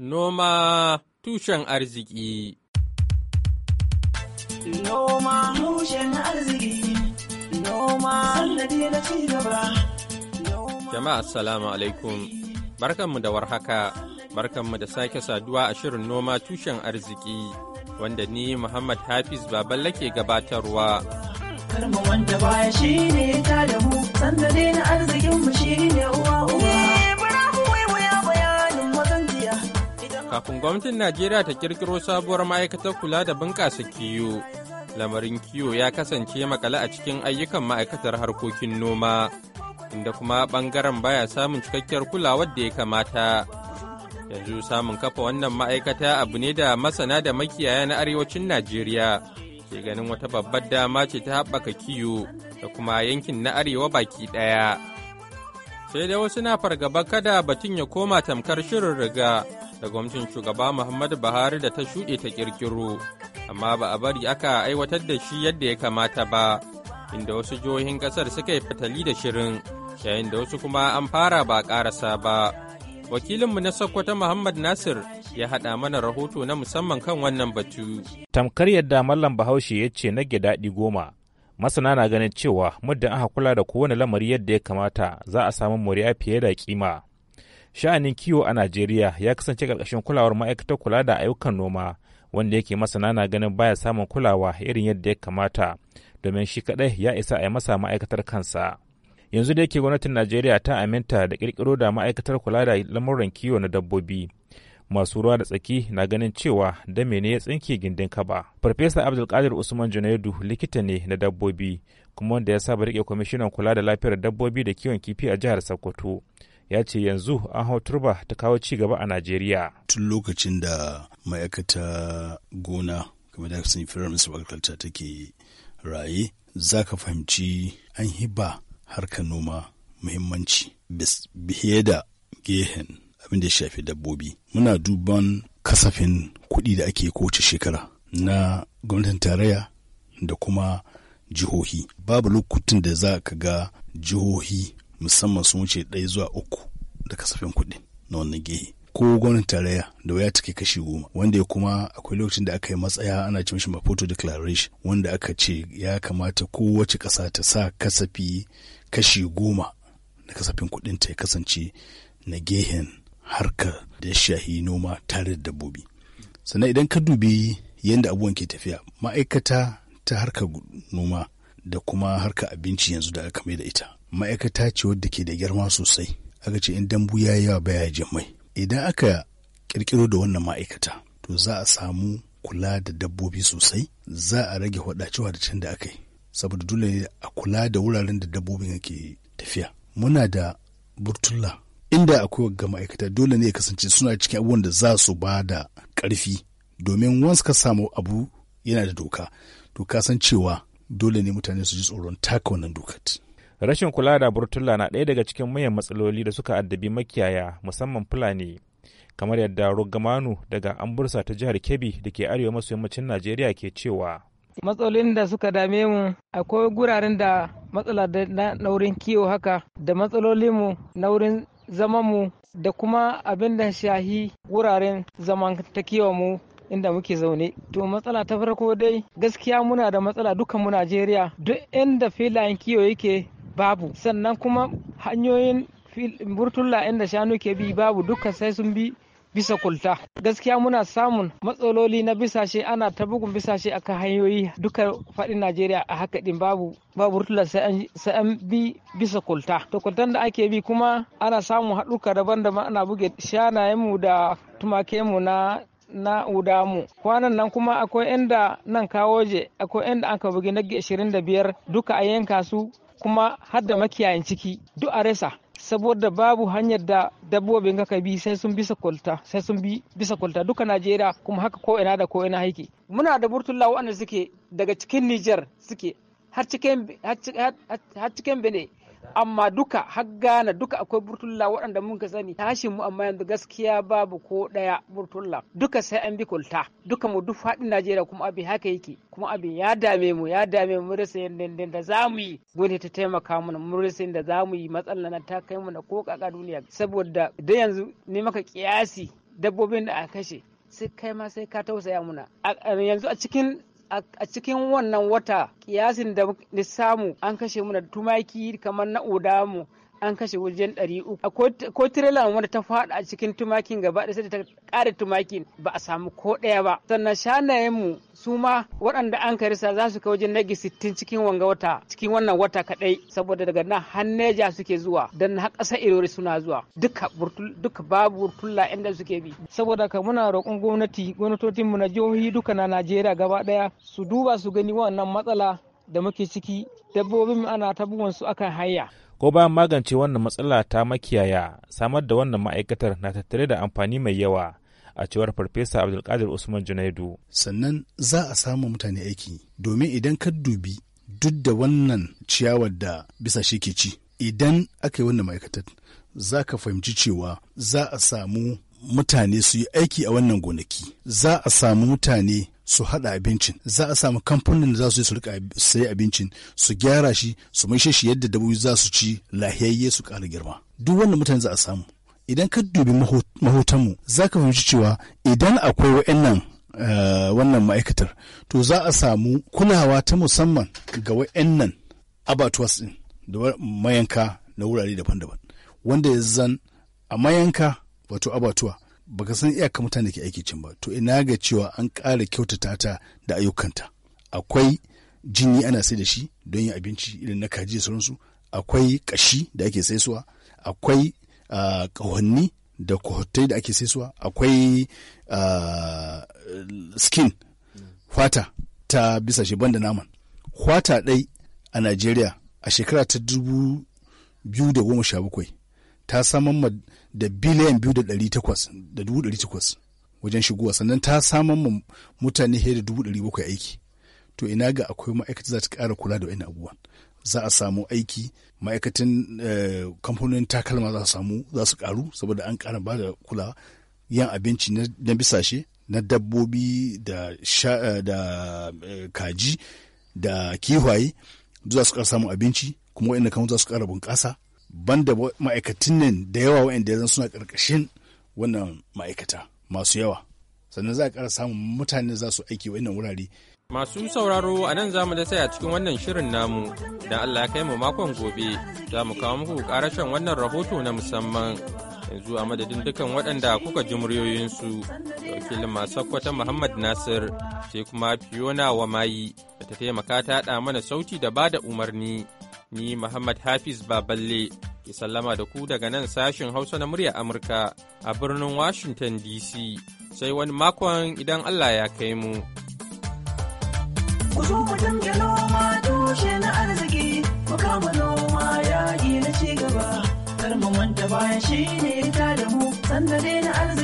Noma tushen arziki Noma Jama'a assalamu alaikum barkanmu da warhaka barkanmu da sake saduwa a shirin noma tushen arziki wanda ni Muhammad Hafiz Baballe ke gabatarwa Karma wanda baya shine ta da mu sannadi na arzikin mu shine uwa uwa kafin gwamnatin Najeriya ta kirkiro sabuwar ma'aikatar kula da bunƙasa kiwo. Lamarin kiwo ya kasance makale a cikin ayyukan ma'aikatar harkokin noma, inda kuma ɓangaren baya samun cikakkiyar kulawar da ya kamata. Yanzu samun kafa wannan ma'aikata abu ne da masana da makiyaya na arewacin Najeriya ke ganin wata babbar dama ce ta haɓaka kiwo da kuma yankin na arewa baki ɗaya. sai dai wasu na fargaba kada batun ya koma tamkar shirin riga da gwamnatin shugaba Muhammadu Buhari da ta shuɗe ta kirkiro, amma ba a bari aka aiwatar da shi yadda ya kamata ba, inda wasu jihohin ƙasar suka yi fitali da shirin, yayin da wasu kuma an fara ba ƙarasa ba. Wakilinmu na Sokoto Muhammad Nasir ya haɗa mana rahoto na musamman kan wannan batu. Tamkar yadda Mallam Bahaushe ya ce na daɗi goma, masana na ganin cewa muddin aka kula da kowane lamari yadda ya kamata za a samu moriya fiye da kima sha'anin kiwo a najeriya ya kasance ƙarƙashin kulawar ma'aikatar kula da ayyukan noma wanda yake masana na ganin baya samun kulawa irin yadda ya kamata domin shi kadai ya isa a yi masa ma'aikatar kansa yanzu da yake gwamnatin najeriya ta aminta da kirkiro da ma'aikatar kula da lamuran kiwo na dabbobi masu ruwa da tsaki na ganin cewa da mene ya tsinke gindin kaba. Farfesa Abdulkadir Usman Junaidu likita ne na dabbobi kuma wanda ya saba rike kwamishinan kula da lafiyar dabbobi da kiwon kifi a jihar Sokoto. ya ce yanzu an hau turba ta kawo ci gaba a najeriya tun lokacin da ma'aikata gona kamar da sun firar musu take raye za ka fahimci an hiba harkar noma muhimmanci biye da gehen abin da ya shafi dabbobi muna duban kasafin kuɗi da ake kowace shekara na gwamnatin tarayya da kuma jihohi babu lokutan da za ka ga jihohi musamman sun wuce ɗaya zuwa uku da kasafin kuɗi na wannan gehe ko gwamnatin tarayya da waya take kashi goma wanda ya kuma akwai lokacin da aka yi matsaya ana ce mishi Maputo Declaration wanda aka ce ya kamata kowace ƙasa ta sa kasafi kashi goma na kasafin kuɗin ta ya kasance na gehen harkar da shahi noma tare da dabbobi sannan idan ka dubi yadda abubuwan ke tafiya ma'aikata ta harka noma da kuma harka abinci yanzu da aka mai da ita ma'aikata ce wadda ke da girma sosai aka ce in dambu ya yi yawa baya jimai idan aka kirkiro da wannan ma'aikata to za a samu kula da dabbobi sosai za a rage hudacewa da can da aka yi saboda dole a kula da wuraren da dabbobin ke tafiya muna da burtula inda akwai ga ma'aikata dole ne ya kasance suna cikin abubuwan da za su ba da ƙarfi domin wasu ka samu abu yana da doka to ka cewa dole ne mutane su ji tsoron taka wannan dokat Rashin kula da burtula na ɗaya daga cikin manyan matsaloli da suka addabi makiyaya musamman Fulani. Kamar yadda Rogamanu daga Ambursa ta jihar Kebbi da ke arewa maso yammacin Najeriya ke cewa. Matsalolin da suka dame mu akwai guraren da matsala na wurin kiwo haka da mu na wurin mu da kuma abin da shahi wuraren zaman ta kiwo mu inda muke zaune. To matsala ta farko dai gaskiya muna da matsala mu Najeriya duk inda filayen kiwo yake babu sannan kuma hanyoyin burtulla inda shanu ke bi babu duka sai sun bi bisa kulta gaskiya muna samun matsaloli na bisashe ana ta bugun bisashe akan hanyoyi duka faɗin najeriya a haka din babu babu rutula sai an bi bisa kulta to kultan da ake bi kuma ana samun haɗuka daban-daban ana buge shanayenmu da tumakenmu na na udamu kwanan nan kuma akwai inda nan kawoje akwai inda aka bugi na 25 duka a yanka su kuma har da makiyayin ciki duk a resa saboda babu hanyar da dabbobin ka bi sai sun bisa kwalta sai sun bi bisa kwalta duka Najeriya kuma haka ko ina da ko ina haike muna da burtulla waɗanda suke daga cikin Niger suke har cikin bene. amma duka har gane duka akwai burtulla waɗanda mun ka sani tashin mu amma yanzu gaskiya babu ko ɗaya burtulla duka sai an bi kulta duka mu duk faɗin Najeriya kuma abin haka yake kuma abin ya dame mu ya dame mu rasa yadda da za mu yi gwani ta taimaka mana mu rasa yadda za mu yi matsala na ta kai mu da ko kaka duniya saboda da yanzu ne maka kiyasi dabbobin da aka kashe sai kai ma sai ka tausaya muna yanzu a cikin a cikin wannan wata kiyasin da ni samu an kashe mu da tumaki kamar na oda mu an kashe wajen ɗari uku ko tirela wanda ta faɗa a cikin tumakin gaba da sai ta ƙara tumakin ba a samu ko ɗaya ba sannan shanayen mu su ma waɗanda an karisa za su kai wajen nagi sittin cikin wanga wata cikin wannan wata kaɗai saboda daga nan hanneja suke zuwa don har ƙasa irori suna zuwa duka duka babu burtulla inda suke bi saboda ka muna roƙon gwamnati gwamnatocinmu na jihohi duka na najeriya gaba ɗaya su duba su gani wannan matsala da muke ciki dabbobin ana ta buwan su akan hanya ko bayan magance wannan matsala ta makiyaya samar da wannan ma'aikatar na tattare da amfani mai yawa a cewar farfesa abdulkadir usman junaidu sannan za a samu mutane aiki domin idan ka dubi duk da wannan ciyawar da bisa shi ke ci idan aka yi wannan ma'aikatar za ka fahimci cewa za a samu mutane su yi aiki a wannan gonaki za a samu mutane su hada abincin za a samu kamfanin da za su yi su rika sayi abincin su gyara shi su mai shi yadda dabbobi za su ci lahiyayye su kara girma duk wannan mutane za a samu idan ka dubi mahotanmu za ka fahimci cewa idan akwai wa'annan eh, wannan ma'aikatar to za a samu kulawa ta musamman ga wa'annan abatuwas ɗin da mayanka na wurare daban-daban wanda ya zan a mayanka wato abatuwa baka san iyakar mutane ke aiki cin ba to ina ga cewa an ƙara kyautata ta da ayyukanta akwai jini ana sai da shi don yin abinci irin na kaji da sauransu akwai ƙashi da ake saisuwa akwai ah, ƙahonni da kohottai da ake saisuwa akwai ah, skin fata ta bisa shi da naman fata ɗai a najeriya a shekara ta dubu biyu da goma sha bakwai ta samar da biliyan biyu da ɗari takwas da dubu ɗari takwas wajen shigowa sannan ta samar ma mutane fiye da dubu ɗari bakwai aiki to ina ga akwai ma'aikata za ta ƙara kula da wani abubuwan za a samu aiki ma'aikatan eh, kamfanonin takalma za su samu za su ƙaru saboda an ƙara ba da kula yan abinci na bisashe na dabbobi da eh, eh, kaji da kiwaye za su ƙara samun abinci kuma wa'in kamar za su ƙara bunƙasa banda ma'aikatan nan da yawa wa'anda yanzu suna ƙarƙashin wannan ma'aikata masu yawa sannan za a ƙara samun mutane za su aiki wa'annan wurare Masu sauraro a nan za mu da a cikin wannan shirin namu, da Allah kai mu makon gobe za mu kawo muku karashen wannan rahoto na musamman. Yanzu a madadin dukan waɗanda kuka ji muryoyinsu, wakilin masu kwata Muhammad Nasir, sai kuma Fiona Wamayi da ta taimaka ta mana sauti da bada umarni. ni Muhammad Hafiz Baballe ke sallama da ku daga nan sashen Hausa na murya Amurka a birnin Washington DC sai wani makon idan Allah ya kai mu. Ku zo mu noma tushe na arziki, ku noma yaƙi na ci gaba, kar mu manta baya shi ne ta da mu, na arziki.